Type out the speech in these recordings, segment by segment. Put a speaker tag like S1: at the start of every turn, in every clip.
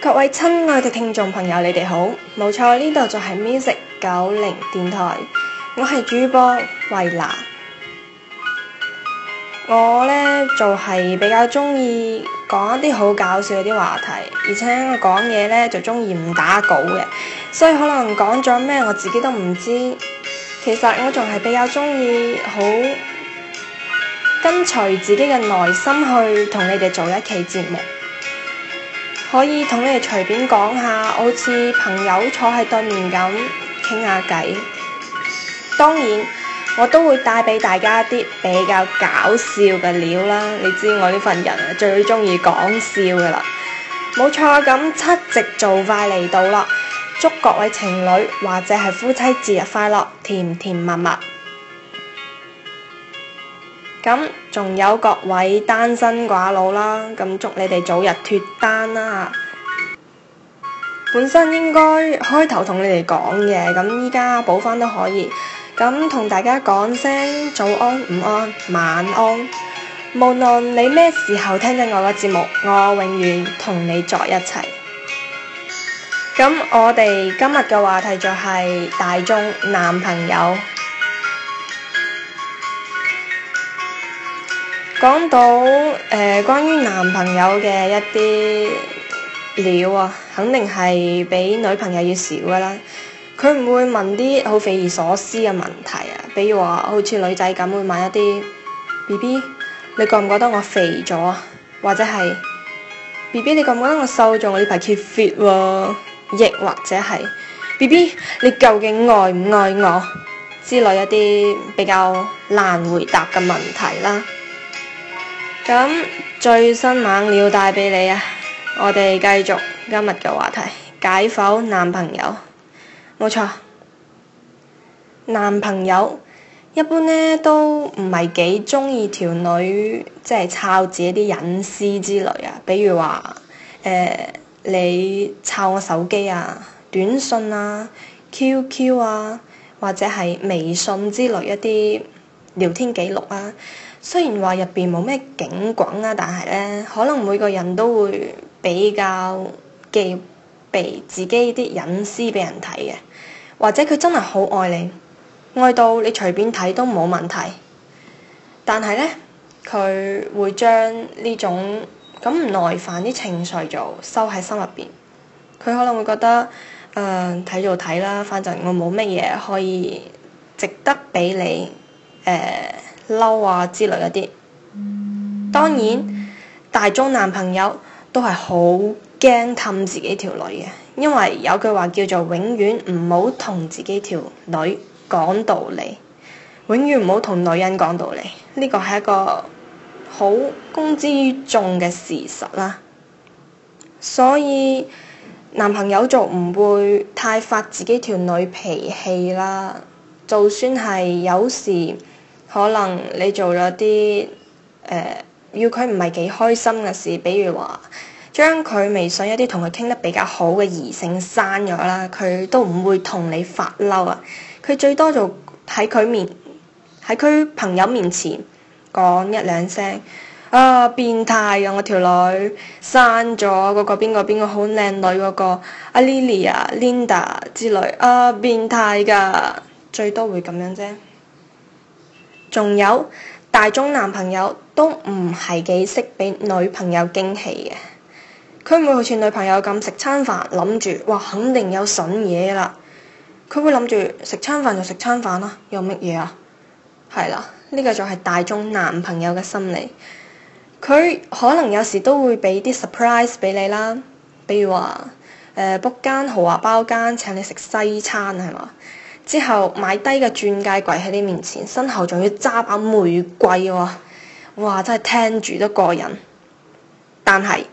S1: 各位親愛的聽眾朋友，你哋好，冇錯，呢度就係 Music 九零電台，我係主播惠娜。我呢就係比較中意講一啲好搞笑嘅啲話題，而且我講嘢呢就中意唔打稿嘅，所以可能講咗咩，我自己都唔知。其實我仲係比較中意好跟隨自己嘅內心去同你哋做一期節目。可以同你哋隨便講下，好似朋友坐喺對面咁傾下偈。當然，我都會帶俾大家一啲比較搞笑嘅料啦。你知我呢份人最鍾意講笑噶啦，冇錯，咁七夕就快嚟到啦，祝各位情侶或者係夫妻節日快樂，甜甜蜜蜜。咁仲有各位單身寡佬啦，咁祝你哋早日脫單啦！本身應該開頭同你哋講嘅，咁依家補翻都可以。咁同大家講聲早安、午安、晚安。無論你咩時候聽緊我個節目，我永遠同你在一齊。咁我哋今日嘅話題就係大眾男朋友。講到誒、呃，關於男朋友嘅一啲料啊，肯定係比女朋友要少噶啦。佢唔會問啲好匪夷所思嘅問題啊，比如話好似女仔咁會問一啲 B B，你覺唔覺得我肥咗啊？或者係 B B，你覺唔覺得我瘦咗？我呢排 keep fit 喎，亦或者係 B B，你究竟愛唔愛我？之類一啲比較難回答嘅問題啦、啊。咁最新猛料帶俾你啊！我哋繼續今日嘅話題，解剖男朋友。冇錯，男朋友一般呢都唔係幾中意條女，即係抄自己啲隱私之類啊。比如話，誒、呃，你抄我手機啊、短信啊、QQ 啊，或者係微信之類一啲聊天記錄啊。雖然話入邊冇咩景滾啊，但係咧，可能每個人都會比較忌避自己啲隱私俾人睇嘅，或者佢真係好愛你，愛到你隨便睇都冇問題。但係咧，佢會將呢種咁唔耐煩啲情緒就收喺心入邊。佢可能會覺得，嗯、呃，睇就睇啦，反正我冇乜嘢可以值得俾你，誒、呃。嬲啊之類嗰啲，當然大眾男朋友都係好驚氹自己條女嘅，因為有句話叫做永遠唔好同自己條女講道理，永遠唔好同女人講道理，呢個係一個好公之於眾嘅事實啦。所以男朋友就唔會太發自己條女脾氣啦，就算係有時。可能你做咗啲誒要佢唔係幾開心嘅事，比如話將佢微信一啲同佢傾得比較好嘅異性刪咗啦，佢都唔會同你發嬲啊。佢最多就喺佢面，喺佢朋友面前講一兩聲啊，變態㗎！我條女刪咗嗰個邊個邊個好靚女嗰個阿 Lily 啊 Linda 之類啊，oh, 變態㗎！最多會咁樣啫。仲有大眾男朋友都唔係幾識俾女朋友驚喜嘅，佢唔會好似女朋友咁食餐飯諗住，哇肯定有筍嘢啦。佢會諗住食餐飯就食餐飯啦，有乜嘢啊？係啦，呢個就係大眾男朋友嘅心理。佢可能有時都會俾啲 surprise 俾你啦，比如話誒 book 間豪華包間請你食西餐係嘛？之後買低嘅鑽戒，跪喺你面前，身後仲要揸把玫瑰、哦，喎，哇！真係聽住都過癮。但係呢、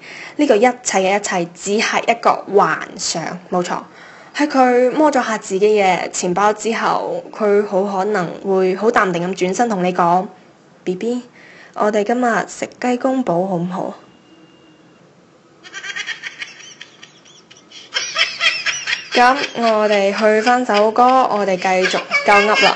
S1: 這個一切嘅一切只係一個幻想，冇錯。喺佢摸咗下自己嘅錢包之後，佢好可能會好淡定咁轉身同你講：BB，我哋今日食雞公煲好唔好？咁我哋去返首歌，我哋繼續教噏啦。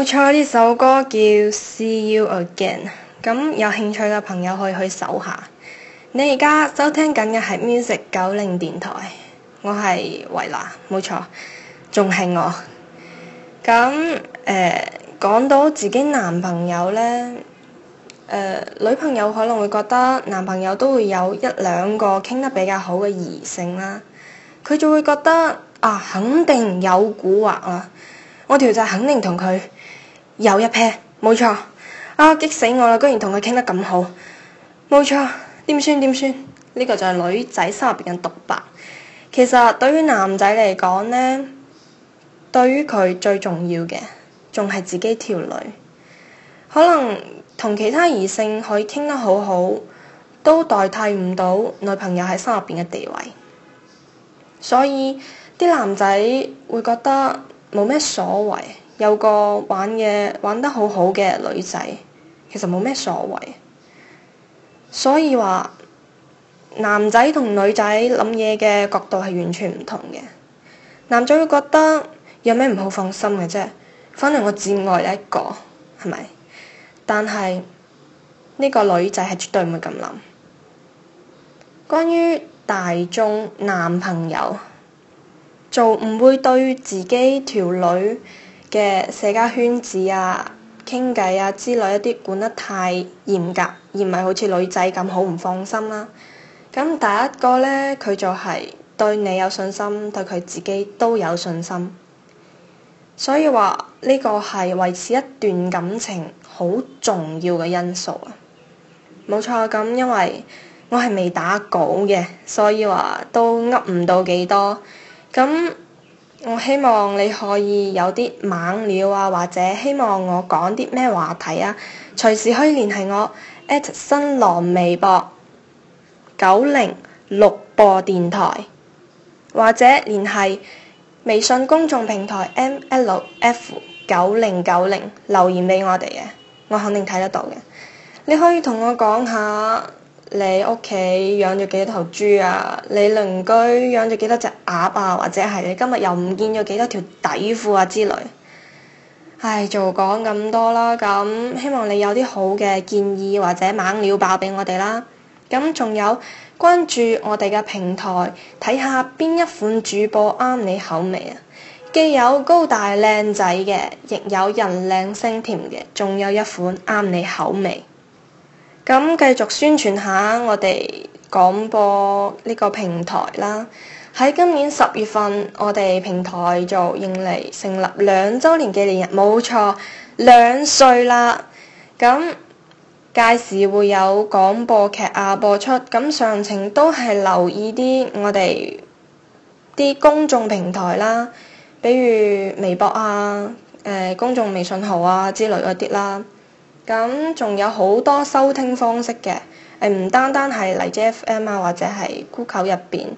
S1: 冇錯，呢首歌叫《See You Again》。咁、嗯、有興趣嘅朋友可以去搜下。你而家收聽緊嘅係 Music 九零電台，我係惠娜。冇錯，仲係我。咁、嗯、誒、嗯，講到自己男朋友呢，誒、嗯，女朋友可能會覺得男朋友都會有一兩個傾得比較好嘅異性啦，佢就會覺得啊，肯定有蠱惑啦、啊。我條仔肯定同佢。又一撇，冇錯啊！激死我啦，居然同佢傾得咁好，冇錯。點算點算？呢個就係女仔心入邊嘅獨白。其實對於男仔嚟講呢，對於佢最重要嘅仲係自己條女。可能同其他異性可以傾得好好，都代替唔到女朋友喺心入邊嘅地位。所以啲男仔會覺得冇咩所謂。有個玩嘅玩得好好嘅女仔，其實冇咩所謂，所以話男仔同女仔諗嘢嘅角度係完全唔同嘅。男仔會覺得有咩唔好放心嘅啫，反正我只愛一個係咪？但係呢個女仔係絕對唔會咁諗。關於大眾男朋友就唔會對自己條女嘅社交圈子啊、傾偈啊之類，一啲管得太嚴格，而唔係好似女仔咁好唔放心啦啊。咁第一個呢，佢就係對你有信心，對佢自己都有信心。所以話，呢個係維持一段感情好重要嘅因素啊。冇錯，咁因為我係未打稿嘅，所以話都噏唔到幾多。咁。我希望你可以有啲猛料啊，或者希望我講啲咩話題啊，隨時可以聯繫我 at 新浪微博九零六播電台，或者聯繫微信公眾平台 MLF 九零九零留言俾我哋嘅，我肯定睇得到嘅。你可以同我講下。你屋企養咗幾多頭豬啊？你鄰居養咗幾多隻鴨啊？或者係你今日又唔見咗幾多條底褲啊之類？唉，就講咁多啦。咁希望你有啲好嘅建議或者猛料爆畀我哋啦。咁仲有關注我哋嘅平台，睇下邊一款主播啱你口味啊！既有高大靚仔嘅，亦有人靚聲甜嘅，仲有一款啱你口味。咁繼續宣傳下我哋廣播呢個平台啦。喺今年十月份，我哋平台就迎嚟成立兩週年紀念日，冇錯，兩歲啦。咁屆時會有廣播劇啊播出。咁詳情都係留意啲我哋啲公眾平台啦，比如微博啊、誒、呃、公眾微信號啊之類嗰啲啦。咁仲有好多收聽方式嘅，誒唔單單係荔枝 FM 啊，或者係酷狗入邊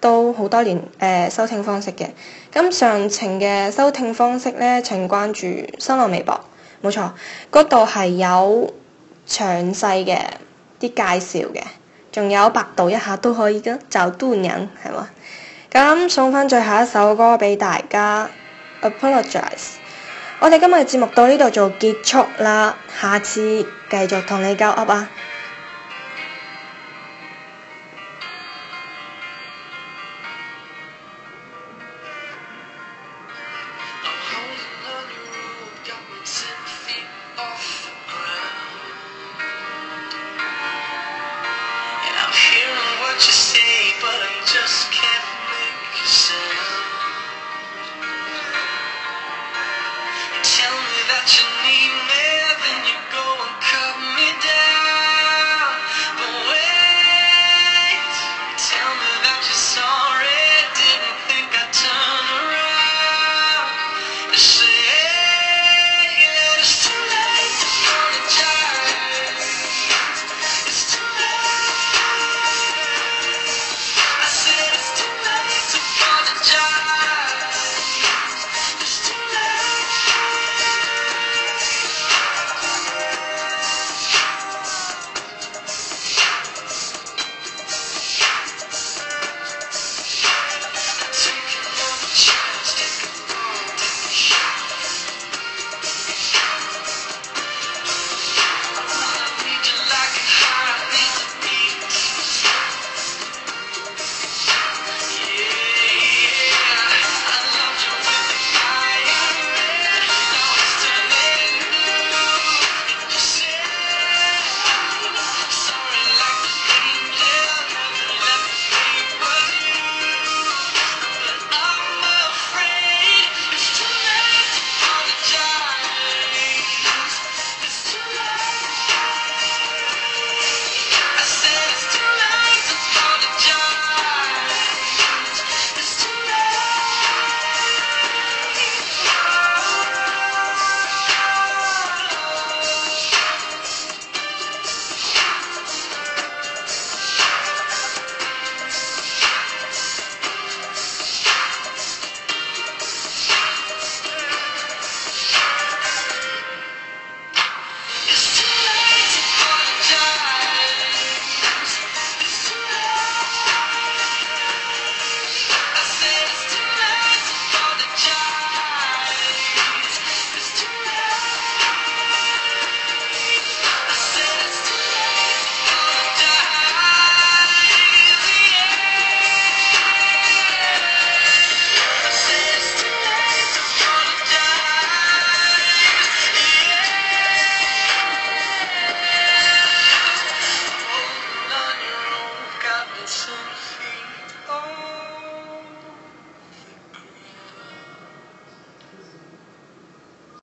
S1: 都好多年誒、呃、收聽方式嘅。咁詳情嘅收聽方式咧，請關注新浪微博，冇錯，嗰度係有詳細嘅啲介紹嘅，仲有百度一下都可以噶，就端人係嘛。咁送翻最後一首歌俾大家，Apologize。Ap 我哋今日嘅節目到呢度就結束啦，下次繼續同你交握啊！